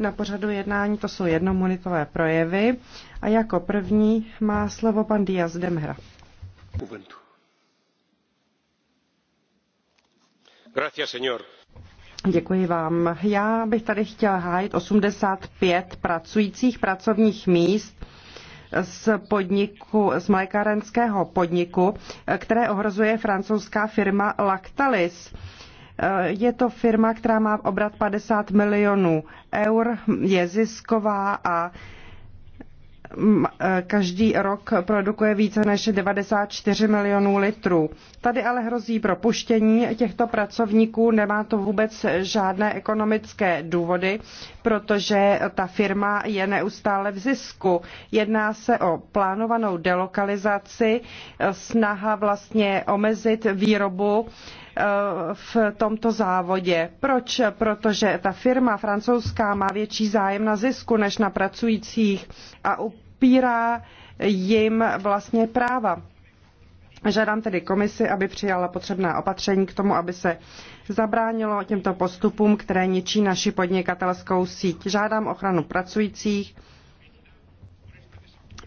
na pořadu jednání, to jsou jednominutové projevy. A jako první má slovo pan Díaz Demhra. Děkuji vám. Já bych tady chtěl hájit 85 pracujících pracovních míst z podniku, z mlékárenského podniku, které ohrozuje francouzská firma Lactalis Eh, je to firma, která má obrat 50 milionů eur, je zisková a mm, eh, každý rok produkuje více než 94 milionů litrů. Tady ale hrozí propuštění těchto pracovníků, nemá to vůbec žádné ekonomické důvody, protože ta firma je neustále v zisku. Jedná se o plánovanou delokalizaci, eh, snaha vlastně omezit výrobu Eh, v tomto závodě. Proč? Protože ta firma francouzská má větší zájem na zisku než na pracujících a upírá jim vlastně práva. Žádám tedy komisi, aby přijala potřebná opatření k tomu, aby se zabránilo těmto postupům, které ničí naši podnikatelskou síť. Žádám ochranu pracujících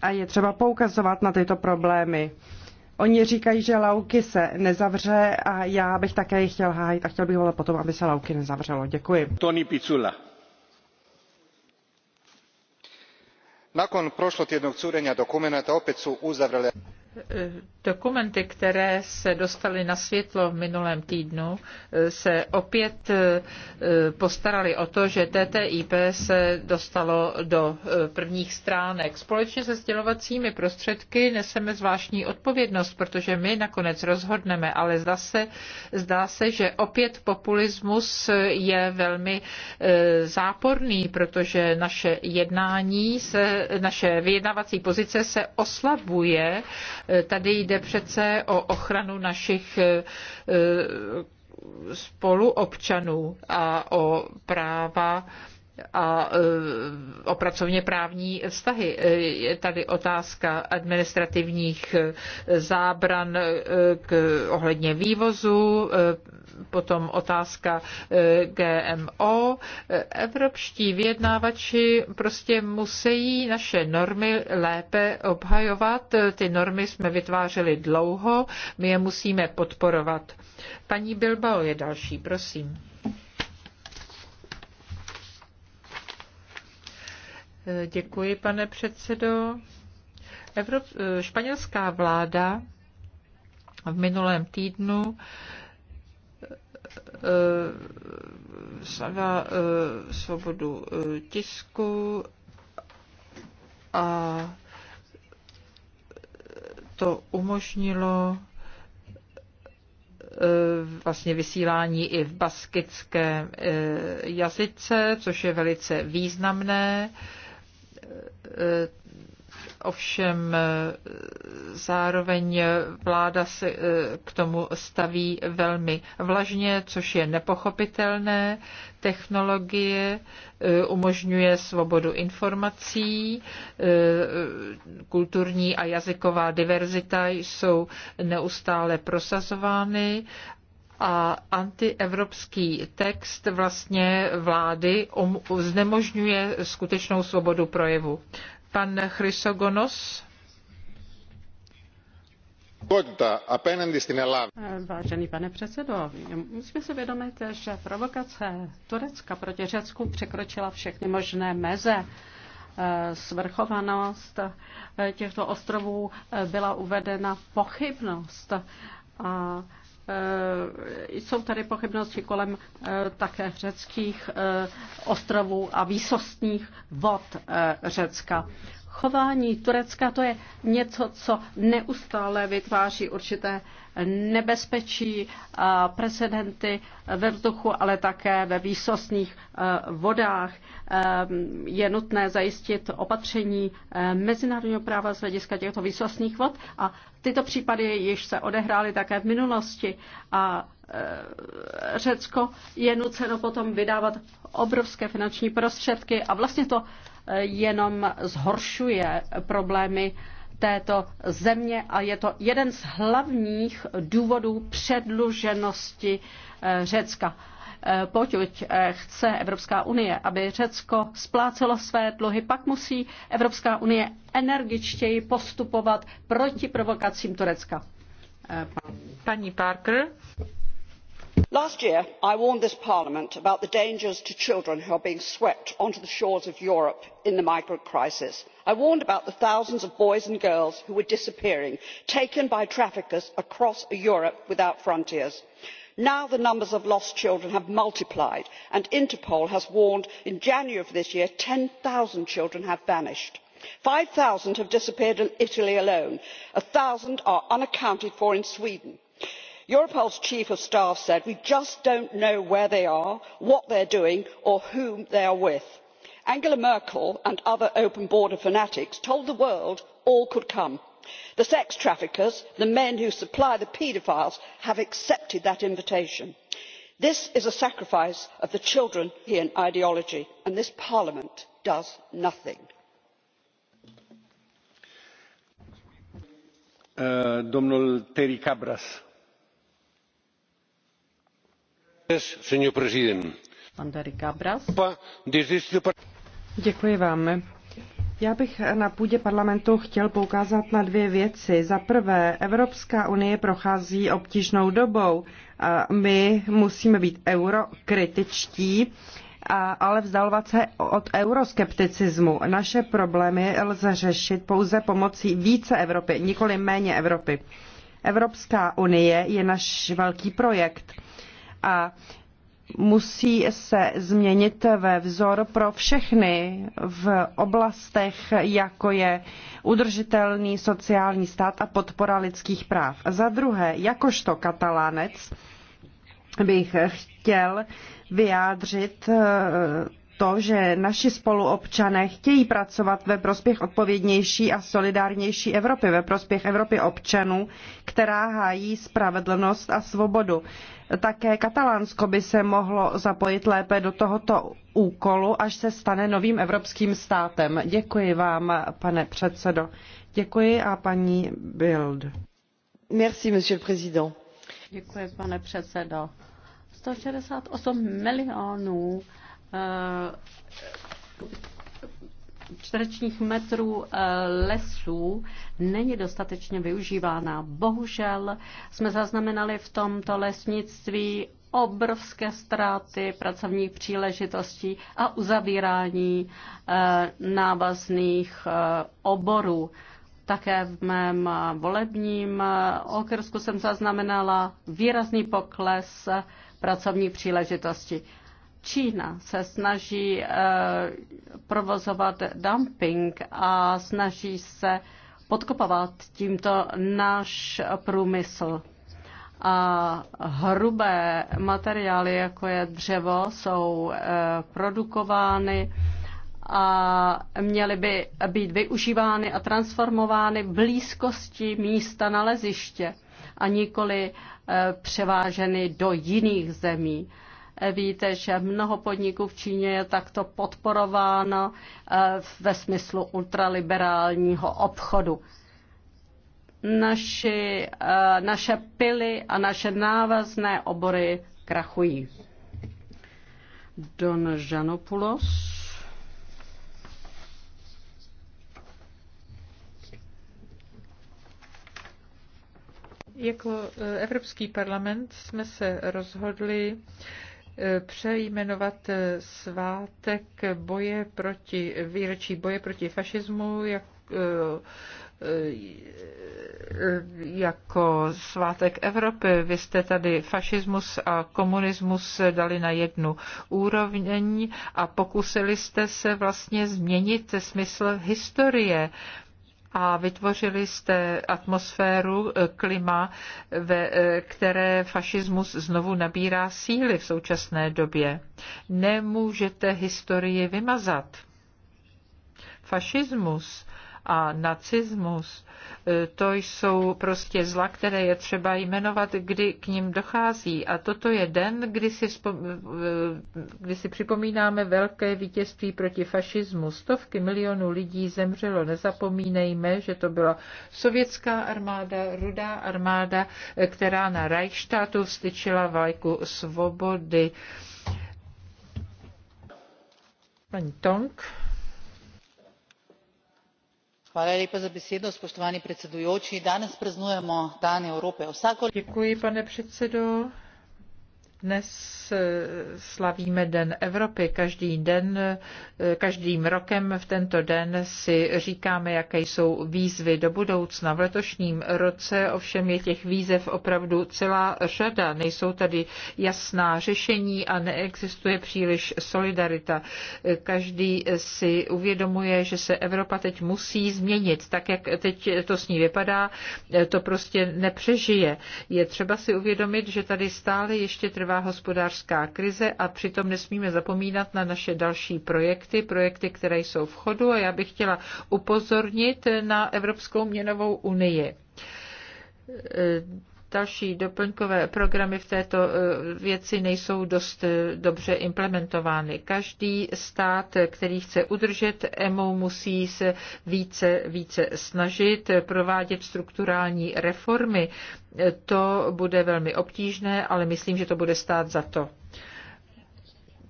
a je třeba poukazovat na tyto problémy. Oni říkají, že Lauky se nezavře a já bych také chtěl hájit a chtěl bych volat potom, aby se Lauky nezavřelo. Děkuji. Tony Picula. Nakon prošlotjednog curenja dokumenata opět su uzavrele... Eh, dokumenty, které se dostaly na světlo v minulém týdnu, eh, se opět eh, postarali o to, že TTIP se dostalo do prvních stránek. Společně se sdělovacími prostředky neseme zvláštní odpovědnost, protože my nakonec rozhodneme, ale zdá se, zdá se že opět populismus je velmi záporný, protože naše jednání, se, naše vyjednávací pozice se oslabuje Eh, tady jde přece o ochranu našich eh, eh, spoluobčanů a o práva a e, o pracovně právní vztahy. E, je tady otázka administrativních e, zábran k, ohledně vývozu, potom otázka GMO. Evropští vyjednávači prostě musí naše normy lépe obhajovat. Ty normy jsme vytvářeli dlouho, my je musíme podporovat. Paní Bilbao je další, prosím. Děkuji, pane předsedo. Evrop- španělská vláda v minulém týdnu eh, slavila eh, svobodu eh, tisku a to umožnilo vlastně vysílání i v baskickém jazyce, což je velice významné. Ovšem zároveň vláda se eh, k tomu staví velmi vlažně, což je nepochopitelné. Technologie eh, umožňuje svobodu informací, eh, kulturní a jazyková diverzita jsou neustále prosazovány a antievropský text vlastně vlády znemožňuje skutečnou svobodu projevu. Pan Chrysogonos. Vážený pane předsedo, musíme si vědomit, že provokace Turecka proti Řecku překročila všechny možné meze svrchovanost těchto ostrovů byla uvedena pochybnost. A Eh, jsou tady pochybnosti kolem eh, také řeckých eh, ostrovů a výsostních vod Řecka chování Turecka to je něco, co neustále vytváří určité nebezpečí a eh, precedenty ve vzduchu, ale také ve výsostných eh, vodách. Eh, je nutné zajistit opatření mezinárodního práva z hlediska těchto výsostných vod a tyto případy již se odehrály také v minulosti a Řecko je nuceno potom vydávat obrovské finanční prostředky a vlastně to jenom zhoršuje problémy této země a je to jeden z hlavních důvodů předluženosti eh, Řecka. Eh, Pokud eh, chce Evropská unie, aby Řecko splácelo své dluhy, pak musí Evropská unie energičtěji postupovat proti provokacím Turecka. Paní Parker last year i warned this parliament about the dangers to children who are being swept onto the shores of europe in the migrant crisis. i warned about the thousands of boys and girls who were disappearing taken by traffickers across a europe without frontiers. now the numbers of lost children have multiplied and interpol has warned in january of this year that ten zero children have vanished. five zero have disappeared in italy alone one zero are unaccounted for in sweden europol's chief of staff said we just do not know where they are what they are doing or whom they are with. angela merkel and other open border fanatics told the world all could come. the sex traffickers the men who supply the paedophiles have accepted that invitation. this is a sacrifice of the children of european ideology and this parliament does nothing. Uh, señor presidente. Děkuji vám. Já bych na půdě parlamentu chtěl poukázat na dvě věci. Za prvé, Evropská unie prochází obtížnou dobou. A my musíme být eurokritičtí, ale vzdalovat se od euroskepticismu. Naše problémy lze řešit pouze pomocí více Evropy, nikoli méně Evropy. Evropská unie je náš velký projekt a musí se změnit ve vzor pro všechny v oblastech, jako je udržitelný sociální stát a podpora lidských práv. Za druhé, jakožto katalánec bych chtěl vyjádřit eh, to, že naši spoluobčané chtějí pracovat ve prospěch odpovědnější a solidárnější Evropy, ve prospěch Evropy občanů, která hájí spravedlnost a svobodu. Také Katalánsko by se mohlo zapojit lépe do tohoto úkolu, až se stane novým evropským státem. Děkuji vám, pane předsedo. Děkuji a paní Bild. Merci, monsieur président. Děkuji, pane předsedo. 168 milionů Eh, čtverečních metrů eh, lesů není dostatečně využívána. Bohužel jsme zaznamenali v tomto lesnictví obrovské ztráty pracovních příležitostí a uzavírání eh, návazných oborů. Také v mém volebním okrsku jsem zaznamenala výrazný pokles pracovní příležitosti. Čína se snaží eh, provozovat dumping a snaží se podkopovat tímto náš průmysl. A hrubé materiály, jako je dřevo, jsou eh, produkovány a měly by být využívány a transformovány v blízkosti místa naleziště a nikoli eh, převáženy do jiných zemí. Víte, že mnoho podniků v Číně je takto podporováno eh, ve smyslu ultraliberálního obchodu naši, eh, naše pily a naše návazné obory krachují. Don Janopoulos. Jako eh, Evropský parlament jsme se rozhodli E, přejmenovat e, svátek boje proti, výročí boje proti fašismu jak, e, jako svátek Evropy. Vy jste tady fašismus a komunismus dali na jednu úroveň a pokusili jste se vlastně změnit smysl historie a vytvořili jste atmosféru, e, klima, ve e, které fašismus znovu nabírá síly v současné době. Nemůžete historii vymazat. Fašismus a nacismus, e, to jsou prostě zla, které je třeba jmenovat, kdy k ním dochází. A toto je den, kdy si, e, kdy si připomínáme velké vítězství proti fašismu. Stovky milionů lidí zemřelo. Nezapomínejme, že to byla sovětská armáda, rudá armáda, e, která na Reichstátu vstyčila vlajku svobody. Paní Tonk pane předsedající danes praznujemo dan evrope. Dnes eh, slavíme Den Evropy. Každý den, eh, každým rokem v tento den si říkáme, jaké jsou výzvy do budoucna. V letošním roce ovšem je těch výzev opravdu celá řada. Nejsou tady jasná řešení a neexistuje příliš solidarita. Eh, každý si uvědomuje, že se Evropa teď musí změnit. Tak, jak teď to s ní vypadá, to prostě nepřežije. Je třeba si uvědomit, že tady stále ještě trvá naléhavá hospodářská krize a přitom nesmíme zapomínat na naše další projekty, projekty, které jsou v chodu a já bych chtěla upozornit na Evropskou měnovou unii další doplňkové programy v této eh, věci nejsou dost eh, dobře implementovány. Každý stát, eh, který chce udržet EMU, musí se více, více snažit provádět strukturální reformy. To bude velmi obtížné, ale myslím, že to bude stát za to.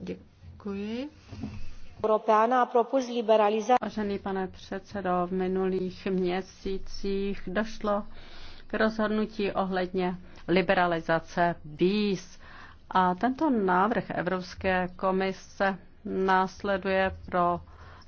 Děkuji. Vážený pane předsedo, v minulých měsících došlo rozhodnutí ohledně liberalizace víz. A tento návrh Evropské komise následuje pro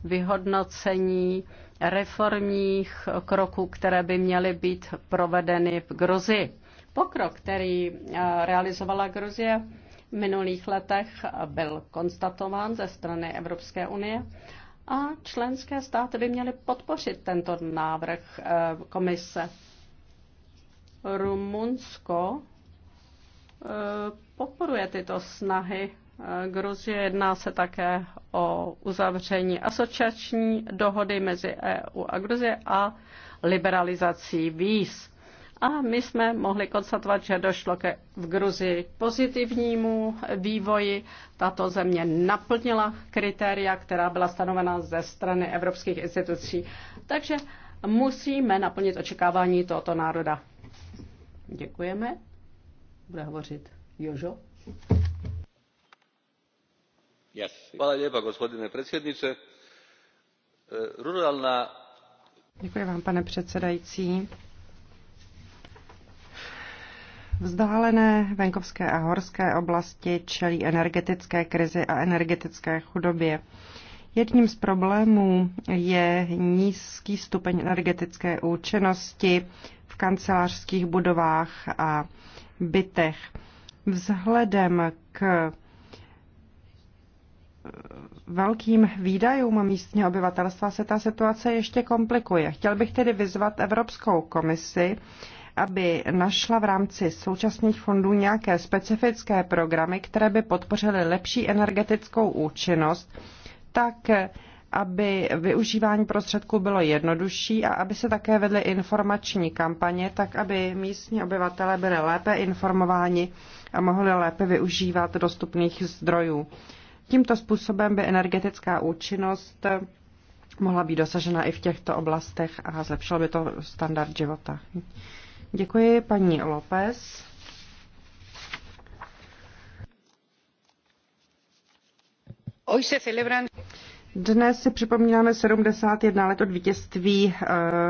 vyhodnocení reformních kroků, které by měly být provedeny v Gruzii. Pokrok, který eh, realizovala Gruzie v minulých letech, byl konstatován ze strany Evropské unie a členské státy by měly podpořit tento návrh eh, komise. Rumunsko eh, podporuje tyto snahy eh, Gruzie. Jedná se také o uzavření asociační dohody mezi EU a Gruzie a liberalizací víz. A my jsme mohli konstatovat, že došlo ke v Gruzii k pozitivnímu vývoji. Tato země naplnila kritéria, která byla stanovena ze strany evropských institucí. Takže musíme naplnit očekávání tohoto národa. Děkujeme. Bude hovořit Jožo. Hvala lepa, gospodine predsjedniče. E, ruralna... Děkuji vám, pane předsedající. Vzdálené venkovské a horské oblasti čelí energetické krizi a energetické chudobě. Jedním z problémů je nízký stupeň energetické účinnosti v kancelářských budovách a bytech. Vzhledem k velkým výdajům místního obyvatelstva se ta situace ještě komplikuje. Chtěl bych tedy vyzvat Evropskou komisi, aby našla v rámci současných fondů nějaké specifické programy, které by podpořily lepší energetickou účinnost, tak aby využívání prostředků bylo jednodušší a aby se také vedly informační kampaně, tak aby místní obyvatelé byli lépe informováni a mohli lépe využívat dostupných zdrojů. Tímto způsobem by energetická účinnost mohla být dosažena i v těchto oblastech a zlepšilo by to standard života. Děkuji paní López. Hoy se celebran dnes si připomínáme 71 let od vítězství eh,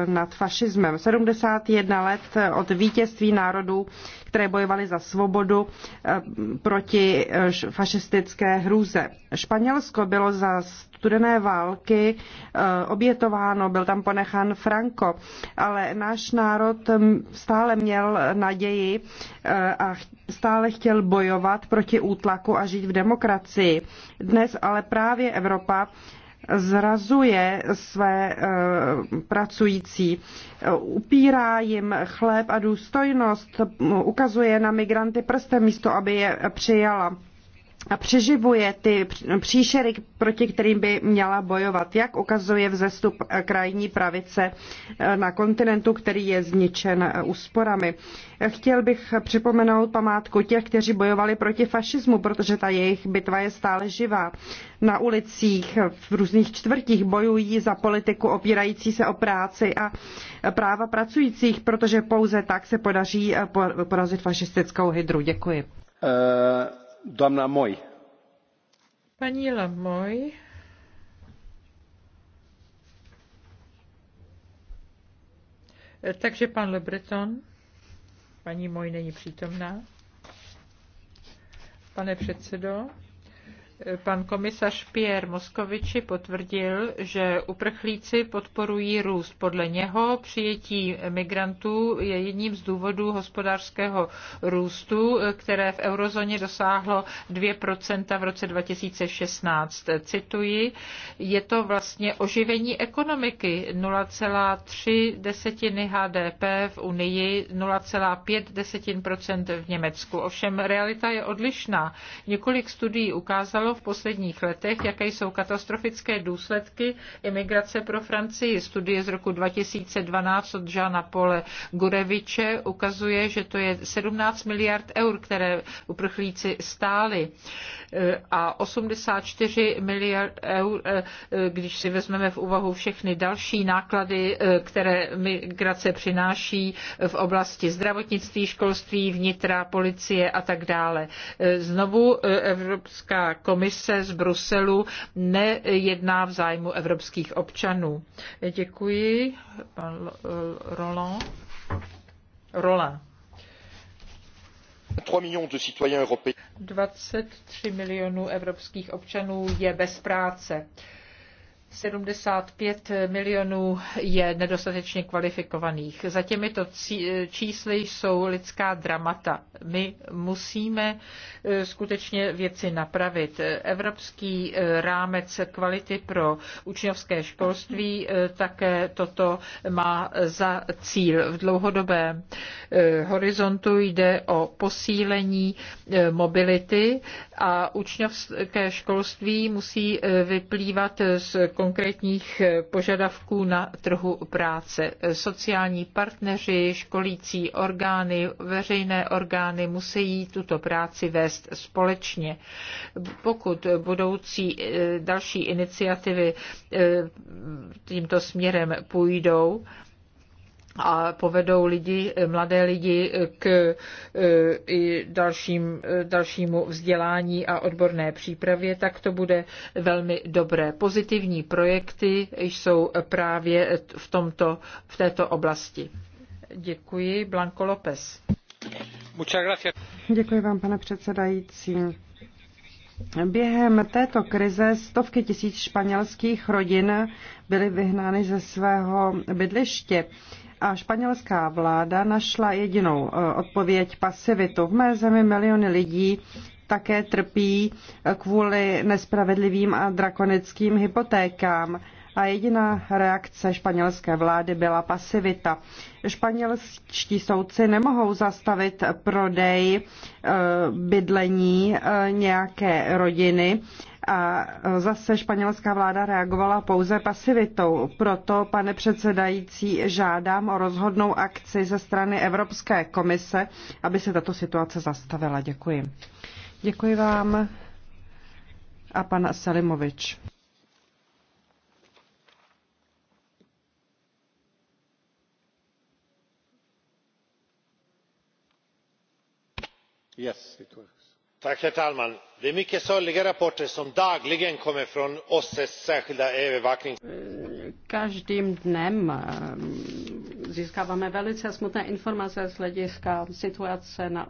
nad fašismem. 71 let eh, od vítězství národů, které bojovali za svobodu eh, proti fašistické hrůze. Španělsko bylo za studené války eh, obětováno, byl tam ponechán Franco, ale náš národ mm, stále měl naději eh, a stále chtěl bojovat proti útlaku a žít v demokracii. Dnes ale právě Evropa zrazuje své eh, pracující, upírá jim chléb a důstojnost, ukazuje na migranty prstem místo, aby je přijala a přeživuje ty příšery, proti kterým by měla bojovat, jak ukazuje vzestup eh, krajní pravice eh, na kontinentu, který je zničen eh, úsporami. Chtěl bych připomenout památku těch, kteří bojovali proti fašismu, protože ta jejich bitva je stále živá. Na ulicích v různých čtvrtích bojují za politiku opírající se o práci a práva pracujících, protože pouze tak se podaří porazit fašistickou hydru. Děkuji. Uh... Paní Lamoj. E, takže pan Le Breton, Paní Moj není přítomná. Pane předsedo, Pan komisař Pierre Moskoviči potvrdil, že uprchlíci podporují růst. Podle něho přijetí migrantů je jedním z důvodů hospodářského růstu, které v eurozóně dosáhlo 2% v roce 2016. Cituji, je to vlastně oživení ekonomiky 0,3 desetiny HDP v Unii, 0,5 desetin v Německu. Ovšem realita je odlišná. Několik studií ukázalo, ukázalo v posledních letech, jaké jsou katastrofické důsledky imigrace pro Francii. Studie z roku 2012 od Žána Pole Gureviče ukazuje, že to je 17 miliard eur, které uprchlíci stály a 84 miliard eur, eh, když si vezmeme v úvahu všechny další náklady, eh, které migrace přináší v oblasti zdravotnictví, školství, vnitra, policie a tak dále. Eh, znovu Evropská komise komise z Bruselu nejedná v zájmu evropských občanů. Děkuji, pan eh, Roland. Roland. 23 milionů evropských občanů je bez práce. 75 milionů je nedostatečně kvalifikovaných. Za těmito čísly jsou lidská dramata. My musíme eh, skutečně věci napravit. Evropský eh, rámec kvality pro učňovské školství eh, také toto má za cíl v dlouhodobém Eh, horizontu jde o posílení eh, mobility a učňovské školství musí eh, vyplývat z konkrétních požadavků na trhu práce. Sociální partneři, školící orgány, veřejné orgány musí tuto práci vést společně. Pokud budoucí další iniciativy tímto směrem půjdou, a povedou lidi, mladé lidi k e, i dalším, e, dalšímu vzdělání a odborné přípravě, tak to bude velmi dobré. Pozitivní projekty jsou právě v, tomto, v této oblasti. Děkuji. Blanco López. Děkuji vám, pane předsedající. Během této krize stovky tisíc španělských rodin byly vyhnány ze svého bydliště a španělská vláda našla jedinou e, odpověď pasivitu. V mé zemi miliony lidí také trpí e, kvůli nespravedlivým a drakonickým hypotékám a jediná reakce španělské vlády byla pasivita. Španělští soudci nemohou zastavit prodej e, bydlení nějaké rodiny a zase španělská vláda reagovala pouze pasivitou. Proto, pane předsedající, žádám o rozhodnou akci ze strany Evropské komise, aby se tato situace zastavila. Děkuji. Děkuji vám a pana Selimovič. Yes, it was herr talman! är mycket sorgliga rapporter som dagligen kommer från osses särskilda övervaknings. každým dnem eh, získáváme velice z situace na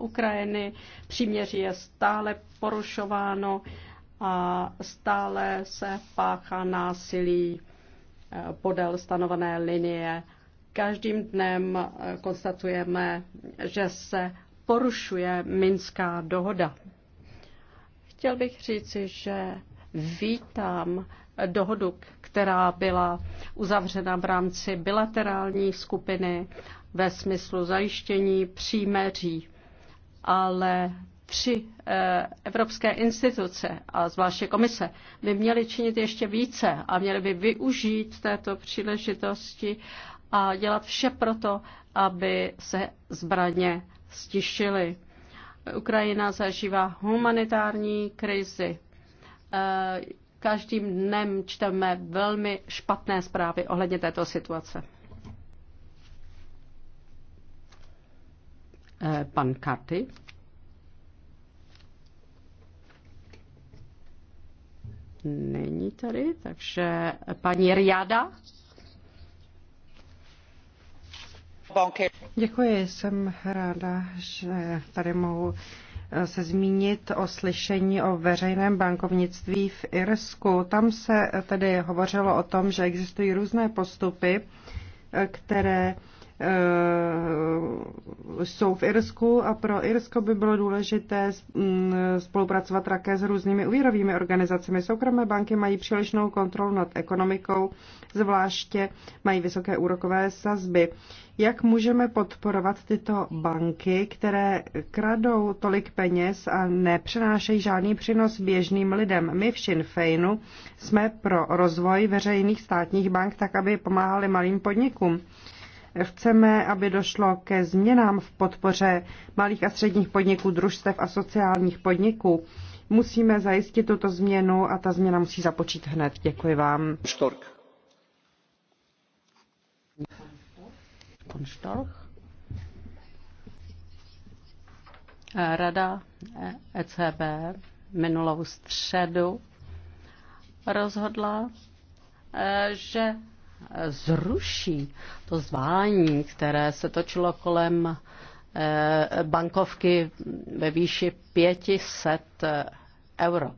Příměří je stále porušováno a stále se páchá násilí eh, podél stanovené linie. Každým dnem eh, konstatujeme, že se porušuje dohoda. Chtěl bych říci, že vítám dohodu, která byla uzavřena v rámci bilaterální skupiny ve smyslu zajištění příjmeří, ale tři eh, evropské instituce a zvláště komise by měly činit ještě více a měly by využít této příležitosti a dělat vše proto, aby se zbraně stišily. Ukrajina zažívá humanitární krizi. Eh, každým dnem čteme velmi špatné zprávy ohledně této situace. Eh, pan Karty. Není tady, takže paní Riada. Děkuji, jsem ráda, že tady mohu eh, se zmínit o slyšení o veřejném bankovnictví v Irsku. Tam se tedy hovořilo o tom, že existují různé postupy, eh, které Eh, jsou v Irsku a pro Irsko by bylo důležité mm, spolupracovat také s různými úvěrovými organizacemi. Soukromé banky mají přílišnou kontrolu nad ekonomikou, zvláště mají vysoké úrokové sazby. Jak můžeme podporovat tyto banky, které kradou tolik peněz a nepřenášejí žádný přínos běžným lidem? My v Sinn Féinu jsme pro rozvoj veřejných státních bank tak, aby pomáhali malým podnikům. Chceme, aby došlo ke změnám v podpoře malých a středních podniků, družstev a sociálních podniků. Musíme zajistit tuto změnu a ta změna musí započít hned. Děkuji vám. Štork. Rada ECB minulou středu rozhodla, eh, že zruší to zvání, které se točilo kolem eh, bankovky ve výši 500 eh, euro.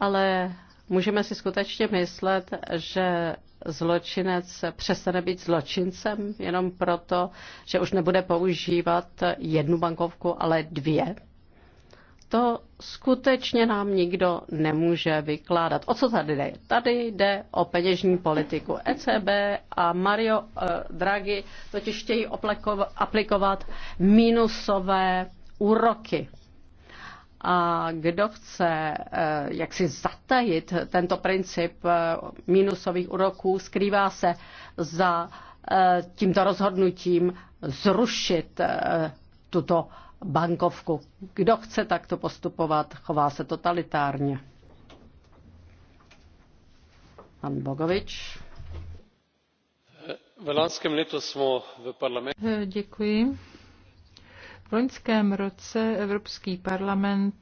Ale můžeme si skutečně myslet, že zločinec přestane být zločincem jenom proto, že už nebude používat jednu bankovku, ale dvě to skutečně nám nikdo nemůže vykládat. O co tady jde? Tady jde o peněžní politiku ECB a Mario eh, Draghi totiž chtějí aplikovat mínusové úroky. A kdo chce eh, jak si zatajit tento princip eh, mínusových úroků, skrývá se za tímto rozhodnutím zrušit tuto bankovku. Kdo chce takto postupovat, chová se totalitárně. Pan Bogovič. V loňském letu jsme v parlamentu... Eh, děkuji. V loňském roce Evropský parlament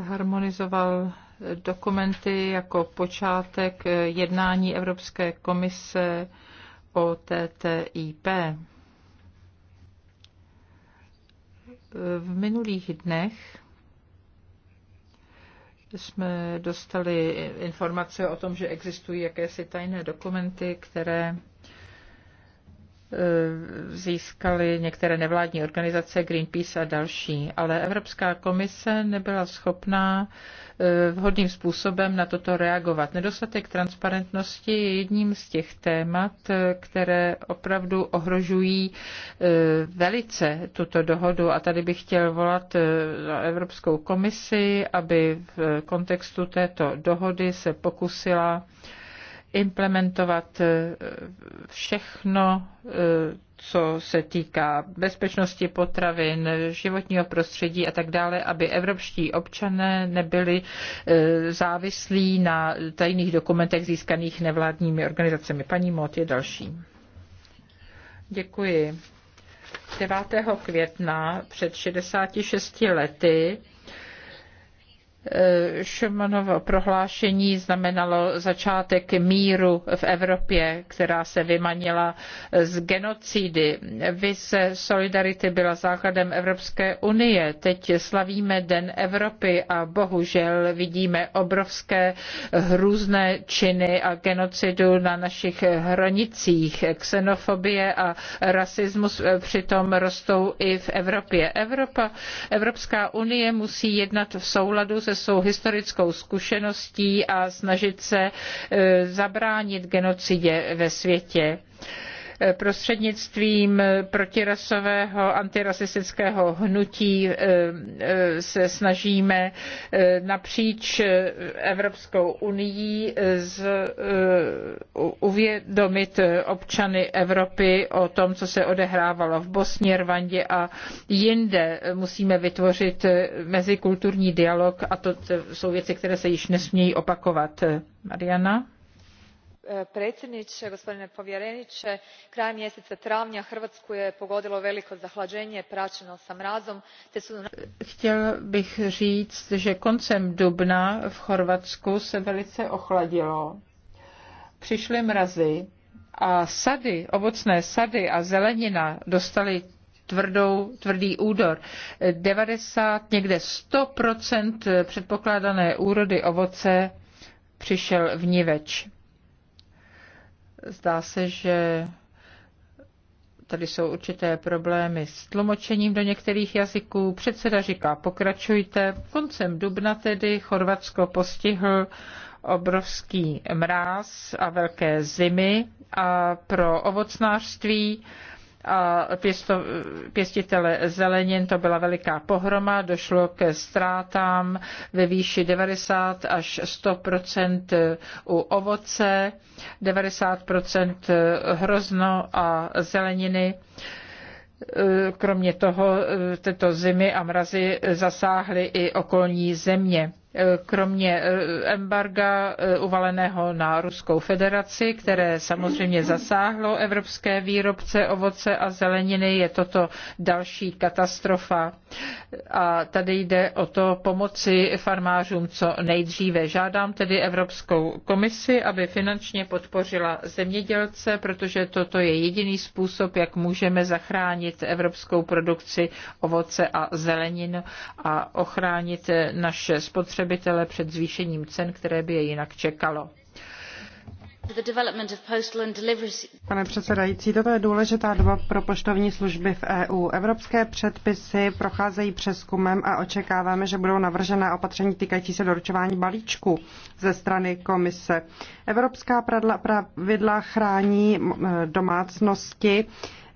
harmonizoval dokumenty jako počátek eh, jednání Evropské komise o TTIP. V minulých dnech jsme dostali informace o tom, že existují jakési tajné dokumenty, které Eh, získaly některé nevládní organizace, Greenpeace a další, ale Evropská komise nebyla schopná eh, vhodným způsobem na toto reagovat. Nedostatek transparentnosti je jedním z těch témat, eh, které opravdu ohrožují velice tuto dohodu a tady bych chtěl volat na Evropskou komisi, aby v kontextu této dohody se pokusila implementovat eh, všechno, eh, co se týká bezpečnosti potravin, životního prostředí a tak dále, aby evropští občané nebyli eh, závislí na tajných dokumentech získaných nevládními organizacemi. Paní Mot je další. Děkuji. 9. května před 66 lety Šumanovo prohlášení znamenalo začátek míru v Evropě, která se vymanila z genocidy. Vize Solidarity byla základem Evropské unie. Teď slavíme Den Evropy a bohužel vidíme obrovské hrůzné činy a genocidu na našich hranicích. Xenofobie a rasismus přitom rostou i v Evropě. Evropa, Evropská unie musí jednat v souladu se se svou historickou zkušeností a snažit se e, zabránit genocidě ve světě. Eh, prostřednictvím protirasového antirasistického hnutí eh, eh, se snažíme napříč Evropskou unii uvědomit občany Evropy o tom, co se odehrávalo v Bosně, Rwandě a jinde. Musíme vytvořit mezikulturní dialog a to jsou věci, které se již nesmějí opakovat. Mariana? E, gospodine predsjednie gospodine povjerenie krajem mjeseca travnja hrvatsku je pogodilo veliko zahlaenje praeno praćeno mrazom te su. htjela bih říct že koncem dubna v chorvatsku se velice ochladilo přišly mrazy a sady ovocné sady a zelenina dostaly tvrdou, tvrdý údor. 90, někde 100% předpokládané úrody ovoce přišel vniveč. Zdá se, že tady jsou určité problémy s tlumočením do některých jazyků. Předseda říká, pokračujte. Koncem dubna tedy Chorvatsko postihl obrovský mráz a velké zimy a pro ovocnářství a pěsto, pěstitele zelenin to byla veliká pohroma, došlo ke ztrátám ve výši 90 až 100 u ovoce, 90 hrozno a zeleniny. Kromě toho e, tyto zimy a mrazy zasáhly i okolní země kromě eh, embarga eh, uvaleného na Ruskou federaci, které samozřejmě zasáhlo evropské výrobce ovoce a zeleniny, je toto další katastrofa. A tady jde o to pomoci farmářům co nejdříve. Žádám tedy Evropskou komisi, aby finančně podpořila zemědělce, protože toto je jediný způsob, jak můžeme zachránit evropskou produkci ovoce a zelenin a ochránit naše spotřeby spotřebitele před zvýšením cen, které by je jinak čekalo. Pane předsedající, toto je důležitá doba pro poštovní služby v EU. Evropské předpisy procházejí přeskumem a očekáváme, že budou navržena opatření týkající se doručování balíčků ze strany komise. Evropská pravidla chrání domácnosti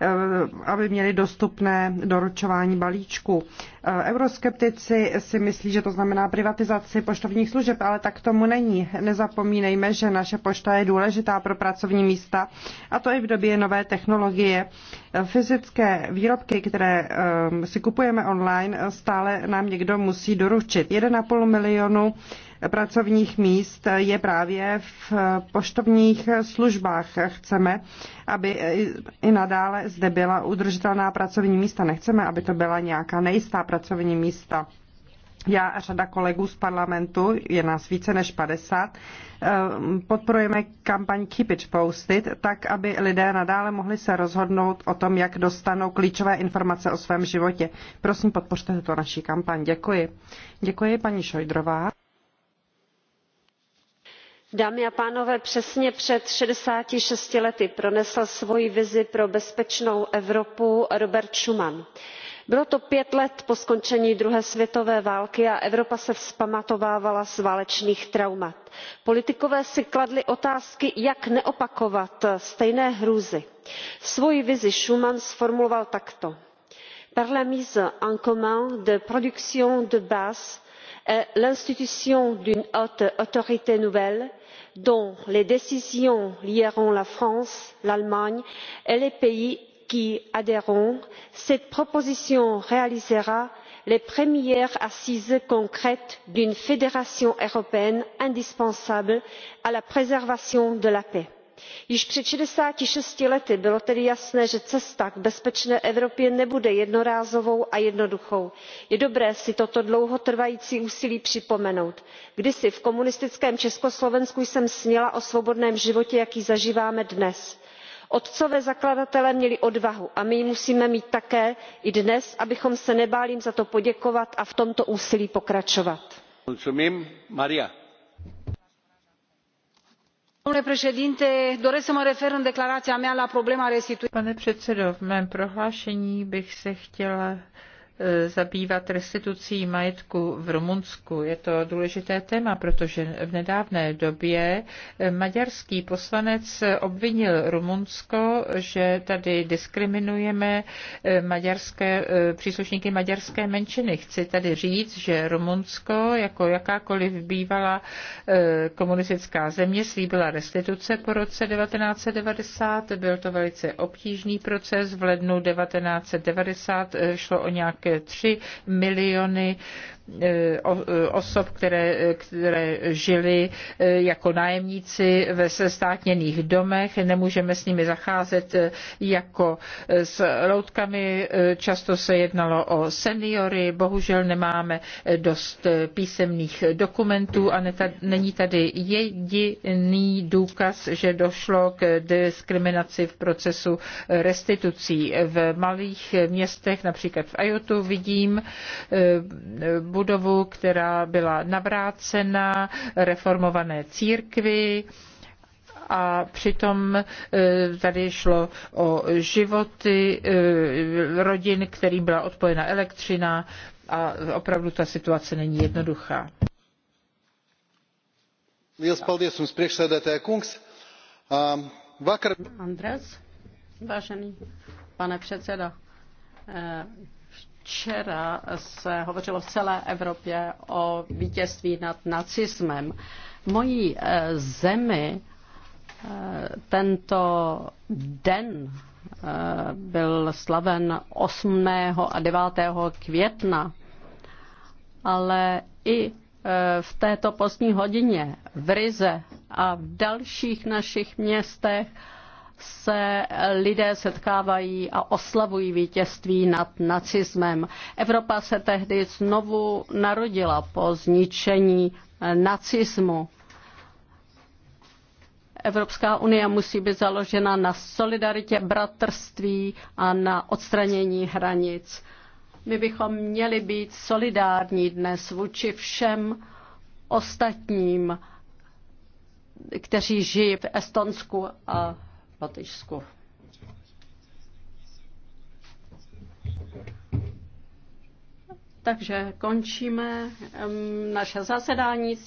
Eh, aby měli dostupné doručování balíčku. Eh, euroskeptici si myslí, že to znamená privatizaci poštovních služeb, ale tak tomu není. Nezapomínejme, že naše pošta je důležitá pro pracovní místa a to i v době nové technologie. Eh, fyzické výrobky, které si kupujeme online, stále nám někdo musí doručit. 1,5 milionu pracovních míst je právě v poštovních službách. Chceme, aby i nadále zde byla udržitelná pracovní místa. Nechceme, aby to byla nějaká nejistá pracovní místa. Já a řada kolegů z parlamentu, je nás více než 50, eh, podporujeme kampaň Keep It Posted, tak aby lidé nadále mohli se rozhodnout o tom, jak dostanou klíčové informace o svém životě. Prosím, podpořte tuto naší kampaň. Děkuji. Děkuji, paní Šojdrová dámy a pánové přesně před sixty six lety pronesl svoji vizi pro bezpečnou evropu robert schuman. bylo to pět let po skončení druhé světové války a evropa se vzpamatovávala z válečných traumat. politikové si kladli otázky jak neopakovat stejné hrůzy. svoji vizi schuman zformuloval takto par la mise en commun de productions de base et l'institution d'une haute autorité nouvelle dont les décisions lieront la france l'allemagne et les pays qui adhéreront cette proposition réalisera les premières assises concrètes d'une fédération européenne indispensable à la préservation de la paix již před sixty six lety bylo tedy jasné že cesta k bezpečné evropě nebude jednorázovou a jednoduchou. je dobré si toto dlouhotrvající úsilí připomenout. kdysi v komunistickém československu jsem snila o svobodném životě jaký zažíváme dnes. otcové zakladatelé měli odvahu a my ji musíme mít také i dnes abychom se nebáli jim za to poděkovat a v tomto úsilí pokračovat domnule președinte, doresc să mă refer în declarația mea la problema restituirii. Eh, zabývat restitucí majetku v Rumunsku. Je to důležité téma, protože v nedávné době eh, maďarský poslanec obvinil Rumunsko, že tady diskriminujeme eh, maďarské, příslušníky maďarské menšiny. Chci tady říct, že Rumunsko, jako jakákoliv bývala komunistická země, slíbila restituce po roce 1990. Byl to velice obtížný proces. V lednu 1990 šlo o nějaké také 3 miliony eh, eh, osob, které, které žili eh, jako nájemníci ve státněných domech. Nemůžeme s nimi zacházet jako s loutkami. Často se jednalo o seniory. Bohužel nemáme dost písemných dokumentů a není tady jediný důkaz, že došlo k diskriminaci v procesu restitucí. V malých městech, například v Ajotu, vidím eh, budovu, která byla navrácena, reformované církvy, a přitom eh, tady šlo o životy eh, rodin, kterým byla odpojena elektřina a opravdu ta situace není jednoduchá. Andres, vážený pane předsedo, Včera se hovořilo v celé Evropě o vítězství nad nacismem. V mojí eh, zemi eh, tento den eh, byl slaven 8. a 9. května, ale i v této pozdní hodině v Rize a v dalších našich městech se lidé setkávají a oslavují vítězství nad nacismem. Evropa se tehdy znovu narodila po zničení eh, nacismu. Evropská unie musí být založena na solidaritě, bratrství a na odstranění hranic. My bychom měli být solidární dnes vůči všem ostatním, kteří žijí v Estonsku a Batyšsku. Takže končíme naše zasedání.